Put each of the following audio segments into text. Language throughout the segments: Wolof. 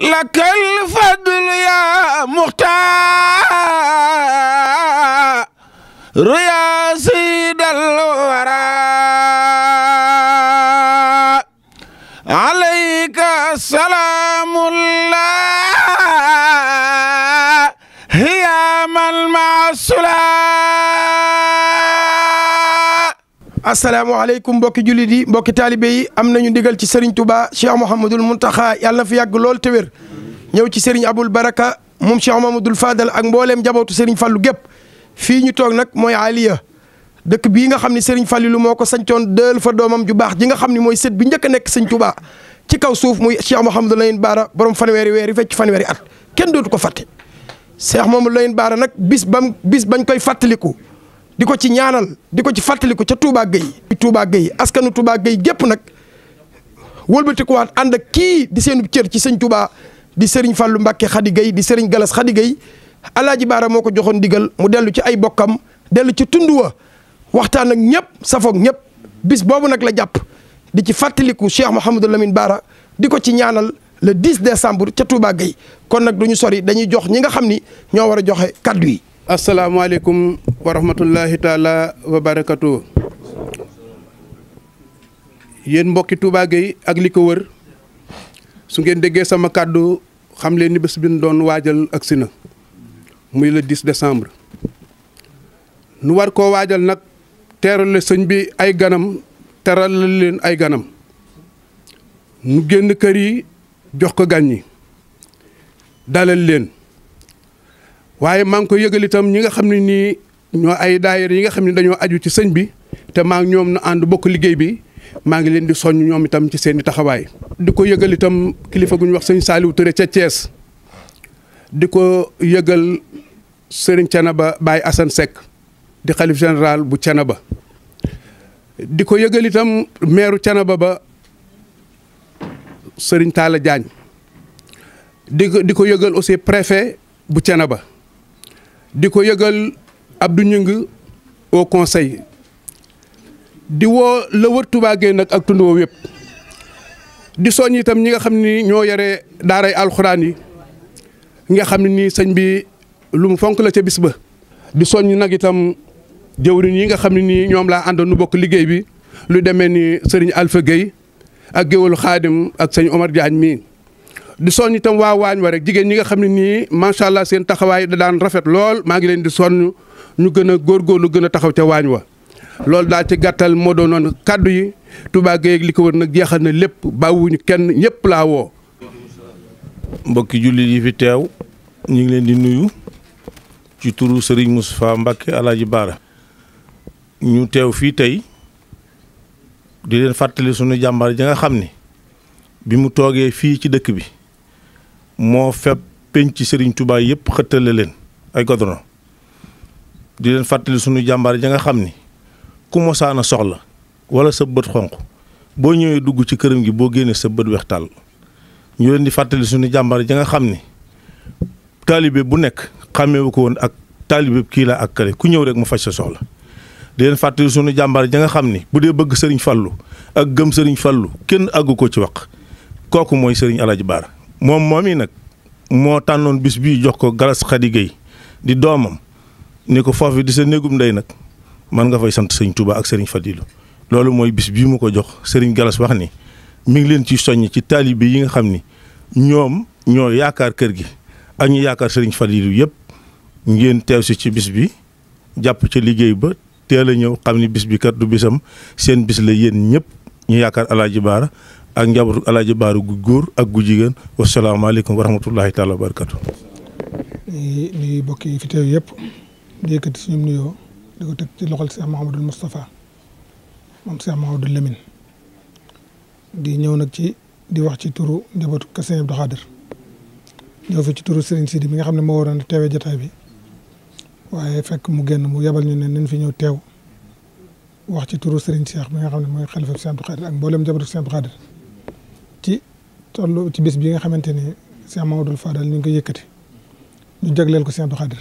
lakal fadl ya muxtaar ya sayyidal wara alayka salaamullah ya man maasula asalaamaaleykum mbokki jullit yi mbokki taalibe yi am nañu digal ci tubaa Serigne Touba Cheikh Mouhamadul Mountakha yàlla na fi yàgg lool te wér ñëw ci Serigne Aboul Baraka moom Cheikh Mouhamadul Fadal ak mbooleem jabootu seeriñ fallu gépp fii ñu toog nag mooy Aliya dëkk bii nga xam ne Serigne lu moo ko sañcoon dël fa doomam ju baax ji nga xam ne mooy sët bi njëkk a nekk Serigne Touba ci kaw suuf muy Cheikh Mouhamadul Lamine Bara borom fanweeri weer yi fecc fanweeri at kenn dootu ko fàtte Cheikh Mouhamadul Lamine Bara nag bis bam bis bañ koy fàttaliku di ko ci ñaanal di ko ci fàttaliku ca Touba Gueye Touba Gueye askanu Touba Gueye gépp nag wëlbatikuwaat ànd ak kii di seen cër ci sëñ Touba di Serigne fallu Mbacke Khady Gueye di Serigne Galas Khady Gueye Alaaji Baara moo ko joxoon digal mu dellu ci ay bokkam dellu ci tund wa waxtaan ak ñëpp safoog ñëpp bis boobu nag la jàpp di ci fàttaliku Cheikh Mouhamadou Lamine Baara di ko ci ñaanal le 10 décembre ca Touba Gueye kon nag du ñu sori dañuy jox ñi nga xam ni ñoo war a joxe kaddu yi. asalaamaaleykum wa rahmatullahi taala wa barakatu yéen mbokki Touba Gueye ak li ko wër su ngeen déggee sama kàddu xam leen ni bés bi ñu doon waajal agsi na muy le 10 décembre nu war koo waajal nag teerale sëñ bi ay ganam teral leen ay ganam nu génn kër yi jox ko gan yi dalal leen waaye maa ngi koy yëgalitam ñi nga xam ne nii ñoo ay daayira yi nga xam ne dañoo aju ci sëñ bi te maa ñoom na ànd bokk liggéey bi maa ngi leen di soññ ñoom itam ci seen i taxawaay. di ko yëgal itam kilifa gu ñu wax sëñ Saliou tëre ca Thiès di ko yëgal sëriñ Thiénaba Baye Assane Seck di xalif général bu Thiénaba di ko yëgal itam meeru Thiénaba ba sëriñ Talla Diagne di ko di ko yëgal aussi préfet bu Thiénaba. di ko yëgal Abdou Gningue au conseil di woo la wër Touba Gueye nag ak tund woo yëpp di soññ itam ñi nga xam ni ñoo yore daaray alxuraan yi nga xam ne nii sëñ bi lu mu fonk la ca bis ba. di soññ nag itam jëwriñ yi nga xam ne nii ñoom laa àndoon nu bokk liggéey bi lu demee ni sëriñ Alpha Gueye ak géwélu xaadim ak sëñ Omar Diagne mii. di soññ itam waa waañ wa rek jigéen ñi nga xam ne nii macha allah seen taxawaay da daan rafet lool maa ngi leen di sonn ñu gën a góorgóorlu gën a taxaw ca waañ wa loolu daal ci gàttal moo doonoon kàddu yi Touba Gueye li ko wër nag jeexal na lépp bàwuñu kenn ñëpp laa woo. mbokki jullit yi fi teew ñu ngi leen di nuyu ci turu Serigne Moustapha Mbacké Alaaji Baara ñu teew fii tey di leen fàttali suñu jàmbar ji nga xam ni bi mu toogee fii ci dëkk bi. moo fep penc ci sëriñ tubaay yëpp xëttale leen ay goudron di leen fàttali sunu jàmbaar ja nga xam ni ku mosaan a soxla wala sa bët xonq boo ñëwee dugg ci këram gi boo génnee sa bët weex tàll ñu leen di fàttali sunu jàmbaar ja nga xam ni taalibe bu nekk xàmmewu ko woon ak taalibe kii la ak kale ku ñëw rek mu faj sa soxla di leen fàttali sunu jàmbaar ja nga xam ni bu dee bëgg Serigne Fallou ak gëm Serigne Fallou kenn àggu ko ci wax kooku mooy Serigne El Hadj moom moom yi nag moo tànnoon bis bii jox ko Galas Khady Gueye di doomam ni ko foofu di sa néegum ndey nag man nga fay sant sëñ Touba ak sëriñ Fadilu loolu mooy bis bii mu ko jox sëriñ Galas wax ni mi ngi leen ci soññ ci taalibe yi nga xam ni ñoom ñoo yaakaar kër gi ak ñu yaakaar sëriñ Fadilu yëpp ngeen teew si ci bis bi jàpp ci liggéey ba teel a ñëw xam ni bis bi kat du bisam seen bis la yéen ñëpp. ñu yaakaar alaaji baara ak njabootu alaaji baara gu góor ak gu jigéen wasalaamaaleykum wa rahmatullahi taala wa barakatu di nuyu mbokk yi fi teew yëpp di yëkkati suñu nuyoo di ko teg ci loxol Cheikh Mouhamadou Moustapha moom Cheikh Mouhamadou Lamine di ñëw nag ci di wax ci turu njabootu Kër Serigne Abdou Khadir ñëw fi ci turu Serigne Sidi bi nga xam ne moo waroon teewee jotaay bi waaye fekk mu génn mu yebal ñu ne nañ fi ñëw teew. wax ci turu Serigne Cheikh mi nga xam ne mooy xalifa Serigne Abdou Khadir ak mboolem njabootu Serigne Abdou Khadir ci tollu ci bis bi nga xamante ni Cheikh Mamadou Fadal ñu ngi ko yëkkati ñu jagleel ko Serigne Abdou Khadir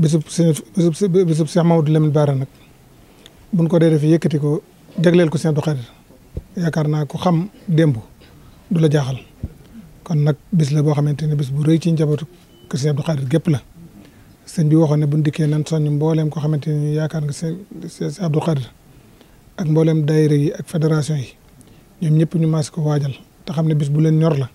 bisub bisub bisub Cheikh Mamadou Lamine Bara nag buñ ko dee def yëkkati ko jagleel ko Serigne Abdou Khadir yaakaar naa ko xam démb du la jaaxal kon nag bis la boo xamante ni bis bu rëy ci njabootu Serigne Abdou Khadir gépp la sëñ bi waxoon ne bu ndikkee nan soññ mbooleem ko xamante ni yaakaar nga seen seen Abdou ak mbooleem daayira yi ak fédération yi ñoom ñëpp ñu maas ko waajal te xam ne bis bu leen ñor la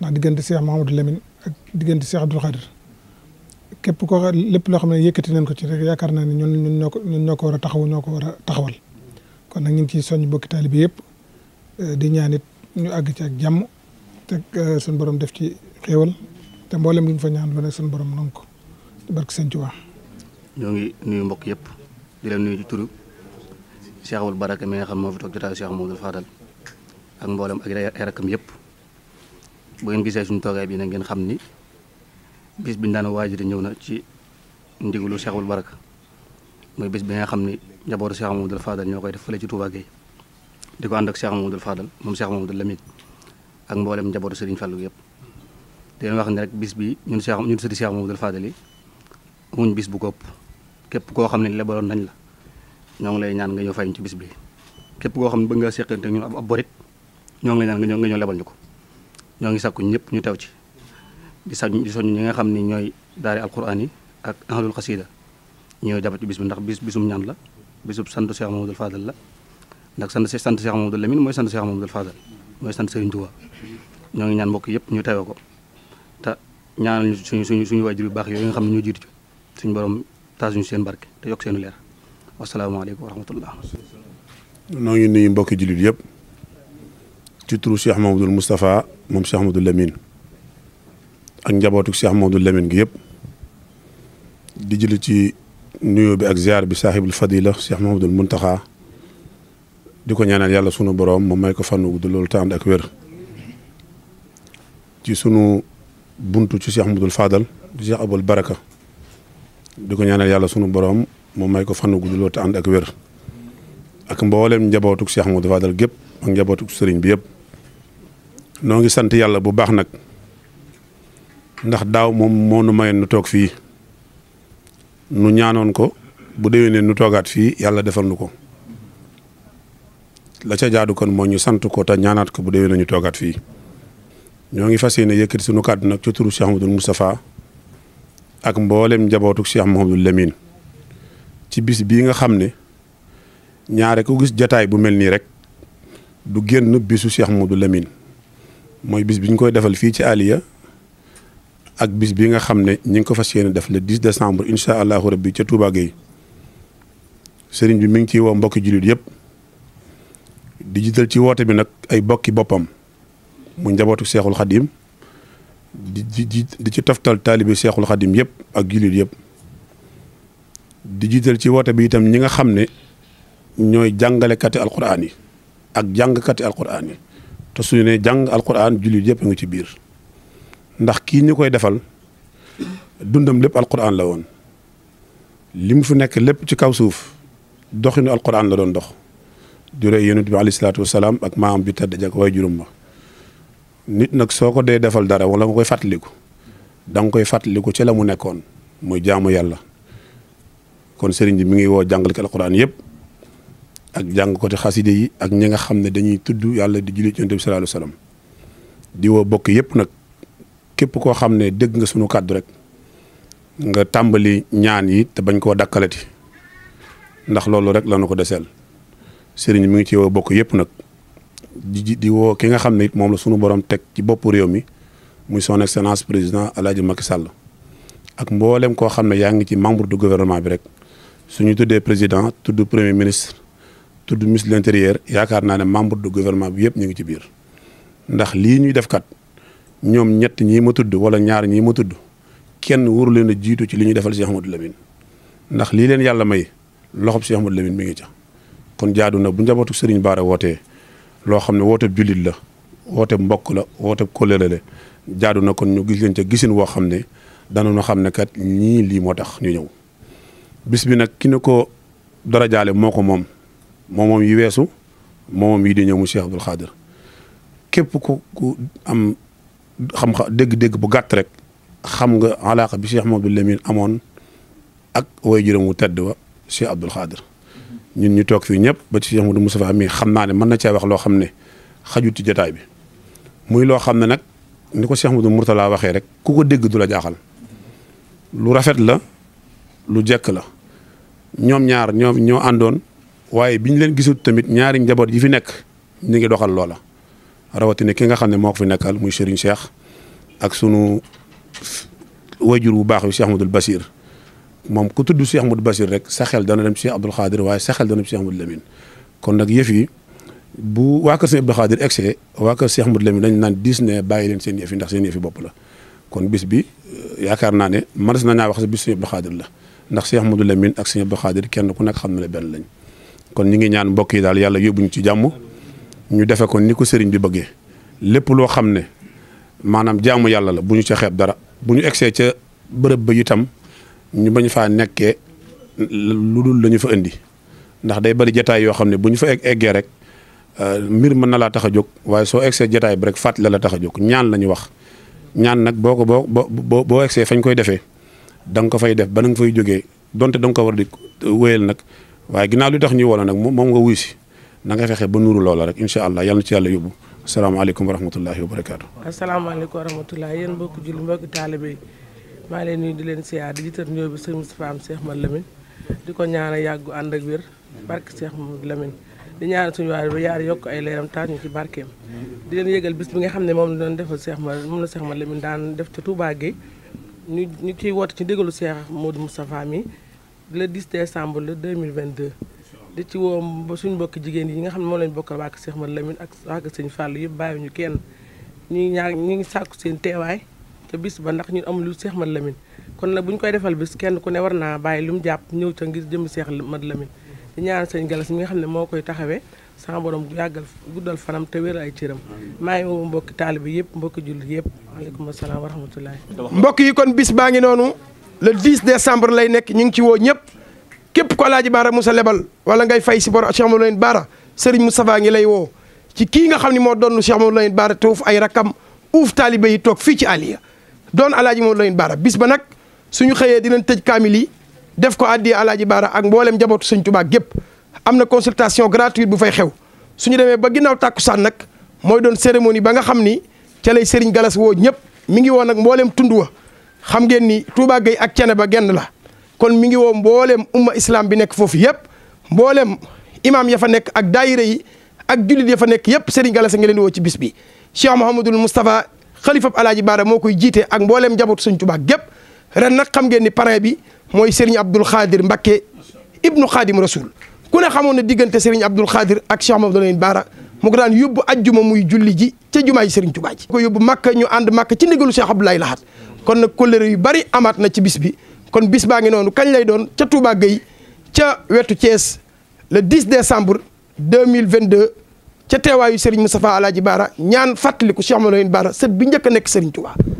ndax diggante Cheikh Mouhamadou Lamine ak diggante Cheikh Abdou Khadre képp koo lépp loo xam ne yëkkati nañ ko ci rek yaakaar naa ne ñun ñun ñoo ko ñun ñoo war a taxaw ñoo ko war a taxawal kon nag ñu ngi ciy soññ bokki taalibe bi yëpp eh, di ñaan ñu àgg ci ak jàmm te eh, suñu borom def ci xéewal te mboolem lu ñu fa ñaan lu ne suñu borom nangu ko barke sëñ Tuubaa ñoo ngi nuyu mbokk yëpp di leen nuyu ci turu Cheikh Baraka mi nga xam moo fi toog jotaay Cheikh Mouhamadoul Fadal ak mboolem ak ay rakkam yëpp bu ngeen gisee suñu toogaay bi na ngeen xam ni bis biñ daan waajur ñëw na ci ndigalu Cheikh Abul Baraka mooy bis bi nga xam ni njabootu Cheikh Mouhamadoul Fadal ñoo koy def fële ci Touba Gueye di ko ànd ak Cheikh Mouhamadoul moom Cheikh Mouhamadoul Lamine ak mboolem njabootu Serigne Fallou yëpp di wax ni rek bis bi ñun Cheikh ñun sëti Cheikh Mouhamadoul Fadal yi muñ bis bu kopp képp koo xam ne lebaloon nañ la ñoo ngi lay ñaan nga ñëw fay ñu ci bis bi képp koo xam ne bëgg nga séqante ñun ab borit ñoo ngi lay ñaan nga ñëw nga ñëw lebal ñu ko ñoo ngi sàkku ñëpp ñu teew ci di sa ñi nga xam ne ñooy daari alquran yi ak ahlul xasida ñu ñëw jàpp ci bis bi ndax bis bisum ñaan la bisub sant Cheikh Mamadou Fadal la ndax sant sant Cheikh Mamadou Lamine mooy sant Cheikh Mamadou Fadal mooy sant Serigne Touba ñoo ngi ñaan mbokk yëpp ñu teewe ko te ñaan ñu suñu suñu suñu waajur yu baax yooyu nga xam ne ñoo jiitu suñu borom taasuñu seen barke te yokk seenu leer wasalaamaaleykum wa rahmatullah noo ngi nuyu mbokki jullit yëpp ci turu Cheikh Mamadou Moustapha moom Cheikh Mamadou Lamine ak njabootu Cheikh Mamadou Lamine gi yëpp di julli ci nuyoo bi ak ziar bi saaxibul fadila Cheikh Mamadou Muntaxa di ko ñaanal yàlla sunu borom moom may ko fànn gudd loolu tànd ak wér ci sunu buntu ci Cheikh Mamadou Fadal di Cheikh Abul Baraka di ko ñaanal yàlla sunu borom mu may ko fan wu gudd loo te ànd ak wér ak mboolem njabootug Cheikh Modou Fadal gépp ak njabootug sëriñ bi yëpp ngi sant yàlla bu baax nag ndax daaw moo nu mayoon nu toog fii nu ñaanoon ko bu déwénee nu toogaat fii yàlla defal nu ko la ca jaadu kon moo ñu sant ko te ñaanaat ko bu déwénee ñu toogaat fii ñoo ngi fas yéene yëkkati sunu kàddu nag ca turu Cheikh Modou Moustapha ak mboolem njabootuk Cheikh Mouhamadou Lamine ci bis bii nga xam ne ñaare ku gis jataay bu mel nii rek du génn bisu Cheikh du Lamine mooy bis bi ñu koy defal fii ci Aliya ak bis bi nga xam ne ñi ngi ko fas yéene def le 10 décembre incha allahu rabbi ca Touba Gueye sëriñ bi mu ngi ciy woo mbokki jullit yëpp di jiital ci woote bi nag ay bokki boppam mu njabootu seexul xadim di di di ci taftal taalibe seexul xadim yëpp ak jullit yëpp di jiital ci woote bi itam ñi nga xam ne ñooy jàngalekati alquran yi ak jàngkati alquran yi te suñu ne jàng alquran jullit yëpp nga ci biir ndax ki ñu koy defal dundam lépp alquran la woon li mu nekk lépp ci kaw suuf doxinu alquran la doon dox jure yonent bi alayhi ak maam bi tedd jak waaye juróom ba nit nag soo ko dee defal dara wala nga koy fàttaliku da nga koy fàttaliku ci la mu nekkoon muy jaamu yàlla kon sëriñ bi mu ngi woo jàngalekat alxuraan yëpp ak jàng ko ci xaside yi ak ñi nga xam ne dañuy tudd yàlla di julli ci yonent bi sallallahu di woo bokk yëpp nag képp koo xam ne dégg nga sunu kàddu rek nga tàmbali ñaan yi te bañ koo dakkalati ndax loolu rek la nu ko deseel sëriñ mi ngi ci bokk yëpp nag. di di woo ki nga xam ne it moom la sunu borom teg ci bopp réew mi muy son excellence président El Hadj Macky ak mboolem koo xam ne yaa ngi ci membre du gouvernement bi rek su ñu tuddee président tudd premier ministre tudd ministre de l'intérieur yaakaar naa ne membre du gouvernement bi yëpp ñu ngi ci biir ndax lii ñuy def kat ñoom ñett ñii ma tudd wala ñaar ñii ma tudd kenn waru leen jiitu ci li ñuy defal Cheikh Amadou Lamine ndax lii leen yàlla may loxob Cheikh Amadou Lamine mi ngi ca kon jaadu na bu njabootu Serigne Bara wootee loo xam ne wooteeb jullit la wooteeb mbokk la wooteeb kóllëre la jaadu na kon ñu gis leen ca gisin woo xam ne dana danañu xam ne kat ñii lii moo tax ñu ñëw bis bi ki ne ko dara jaale moo ko moom moo moom yi weesu moom yi di ñëw mu Cheikh Abdoul Khadir képp ku ku am xam xa dégg-dégg bu gàtt rek xam nga alaaka bi Cheikh Mouhamadou Lamine amoon ak way juróom wu tedd wa Cheikh Abdoul Khadir ñun ñu toog fii ñëpp ba ci mu Modou Moustapha mi xam naa ne mën na cee wax loo xam ne xajut ci jotaay bi muy loo xam ne nag ni ko Cheikh Modou Mourtala waxee rek ku ko dégg du la jaaxal lu rafet la lu jekk la ñoom ñaar ñoom ñoo àndoon waaye bi ñu leen gisut tamit ñaari njaboot yi fi nekk ñu ngi doxal loola rawatina ki nga xam ne moo ko fi nekkal muy Serigne Cheikh ak sunu jur bu baax yu Cheikh Modou Bassir moom ku tudd Cheikh Ahmadou Bachir rek sa xel dana dem Cheikh Abdoul Khadir waaye sa xel dana dem Cheikh Ahmadou Lamine kon nag yëf bu waa kër Cheikh Abdoul Khadir egsee waa kër Cheikh Ahmadou Lamine dañ naan dis ne bàyyi seen yëf ndax seen yëf yi bopp la kon bis bi euh, yaakaar naa ne mënees na naa wax sa bis Cheikh Abdoul Khadir la ndax Cheikh Ahmadou Lamine ak Cheikh Abdoul Khadir kenn ku nekk xam na ne benn lañ kon ñi ngi ñaan mbokk yi daal yàlla yóbbuñu ci jàmm ñu defe ko ni ko sëriñ bi bëggee lépp loo xam ne maanaam jaamu yàlla la bu ñu ca xeeb dara bu ñu egsee ca bërëb ba itam ñu bañ faa nekkee lu dul la ñu fa indi ndax day bari jataay yoo xam ne bu ñu fa eggee rek euh, mbir mën na laa tax a jóg waaye soo egsee jataay bi rek fàttali la la tax a jóg ñaan la ñu wax ñaan nag boo ko boo boo boo boo egsee fañ koy defee danga ko fay def ba na nga fay jógee donte danga ko war di euh, wéyal nag waaye ginnaaw li tax ñuy wala nag moom nga wuy si nanga nga ba nuru loola rek incha allah yàlla na ci yàlla yóbbu asalaamaaleykum wa rahmatullahi wa barakaatu. maa ngi leen nuyu di leen siyaar di jiital nuyoo bi sëñ Moustapha am Cheikh di ko ñaanal yàggu ànd ak wér barke Cheikh Mame Lamine di ñaanal suñu waay ba yaar yokk ay leeram taat ñu ci barkeem di leen yëgal bis bi nga xam ne moom la doon defal Cheikh Mame moom la Cheikh Mame Lamine daan def ca ñu ñu ciy woote ci déggalu Cheikh Modou Moustapha mi le 10 décembre le 2022 di ci woo ba suñu mbokki jigéen yi nga xam ne moom lañ bokkal waa seex Mame lemin ak waa Sëñ Fallou yëpp ñu kenn ñu ñaar ñu ngi sàkku seen teewaay te bis ba ndax ñun amul lu Cheikh man Lamine kon nag bu ñu koy defal bis kenn ku ne war naa bàyyi lu mu jàpp ñëw ca ngir jëm Cheikh Mat Lamine di ñaan sëñ Galas mi nga xam ne moo koy taxawee sama borom yàggal guddal fanam te wér ay cëram maa ngi woo mbokki taalibe yëpp mbokki jullit yëpp aleykum asalaam wa rahmatullahi mbokk yi kon bis baa ngi noonu le 10 décembre lay nekk ñu ngi ci woo ñëpp képp ko alaaji baara Moussa lebal wala ngay fay si bor Cheikh Mat Lamine baara Serigne Moustapha ngi lay woo ci kii nga xam ne moo doon Cheikh Mat Lamine baara te uuf ay rakam uuf taalibe yi toog fii ci aliya doon alaaji moom lañu baara bis ba nag su ñu xëyee dinañ tëj kaamil yi def ko addi alaaji baara ak mboolem njabootu sëñ Tuubaa gépp am na consultation gratuite bu fay xew suñu demee ba ginnaaw tàkkusaan nag mooy doon cérémonie ba nga xam ni ca lay Serigne Galas woo ñëpp mi ngi woo nag mbooleem tund wa xam ngeen ni Touba Gueye ak Cene ba genn la kon mi ngi woo mbooleem umma islam bi nekk foofu yëpp mbooleem imam ya fa nekk ak daayira yi ak jullit ya fa nekk yëpp Serigne Galas a ngi leen woo ci bis bi Cheikh Mouhamadul Moustapha xalifab alaaji baara moo koy jiite ak mbooleem njabootu sëñ Tuubaa gépp ren nag xam ngeen ni parrain bi mooy Serigne Abdoul Khadir Mbacké ibnu Khadim Rasoul ku ne xamoon ne diggante Serigne Abdoul Khadir ak Cheikh Mamadou Lamine Bara mu ko daan yóbbu ajjuma muy julli ji ca jumaa ji Serigne Touba ji ko yóbbu Makka ñu ànd Makka ci ndigalu Cheikh Abdoulaye Lahat kon nag kóllëre yu bari amaat na ci bis bi kon bis baa ngi noonu kañ lay doon ca Touba Gueye ca wetu Thiès le 10 décembre 2022 ca teewaayu Serigne Moustapha Alaaji Baara ñaan fàttaliku Cheikh Mawlana Bara sët bi njëkk a nekk Serigne Touba